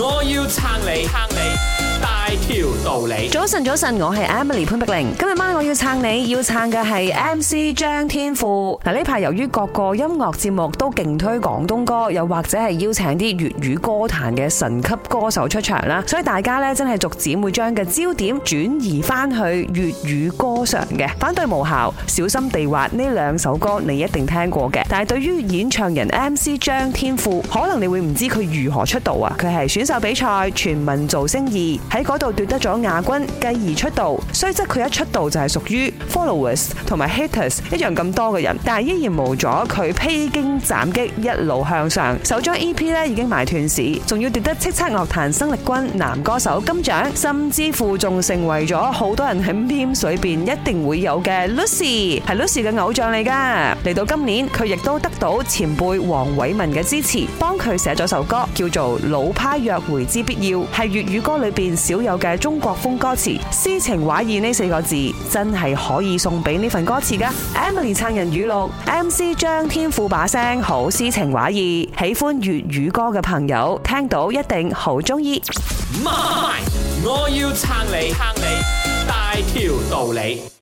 我要撐你撐你大條道理。早晨早晨，我係 Emily 潘碧玲。今日晚我要撐你，要撐嘅係 MC 張天賦。嗱，呢排由於各個音樂節目都勁推廣東歌，又或者係邀請啲粵語歌壇嘅神級歌手出場啦，所以大家咧真係逐漸會將嘅焦點轉移翻去粵語歌上嘅。反對無效，小心地滑呢兩首歌你一定聽過嘅。但係對於演唱人 MC 張天賦，可能你會唔知佢如何出道啊？佢係選就比賽全民造星二喺嗰度奪得咗亞軍，繼而出道。雖則佢一出道就係屬於 followers 同埋 haters 一樣咁多嘅人，但係依然無阻佢披荊斬棘一路向上。首張 EP 已經賣斷市，仲要奪得叱咤樂壇生力軍男歌手金獎，甚至乎仲成為咗好多人喺 MV 裡邊一定會有嘅 Lucy，係 Lucy 嘅偶像嚟㗎。嚟到今年佢亦都得到前輩黃偉文嘅支持，幫佢寫咗首歌叫做《老派約》。回之必要係粵語歌裏邊少有嘅中國風歌詞，詩情畫意呢四個字真係可以送俾呢份歌詞噶。Emily 撐人語錄，MC 張天賦把聲好詩情畫意，喜歡粵語歌嘅朋友聽到一定好中意。我要撐你，撐你大條道理。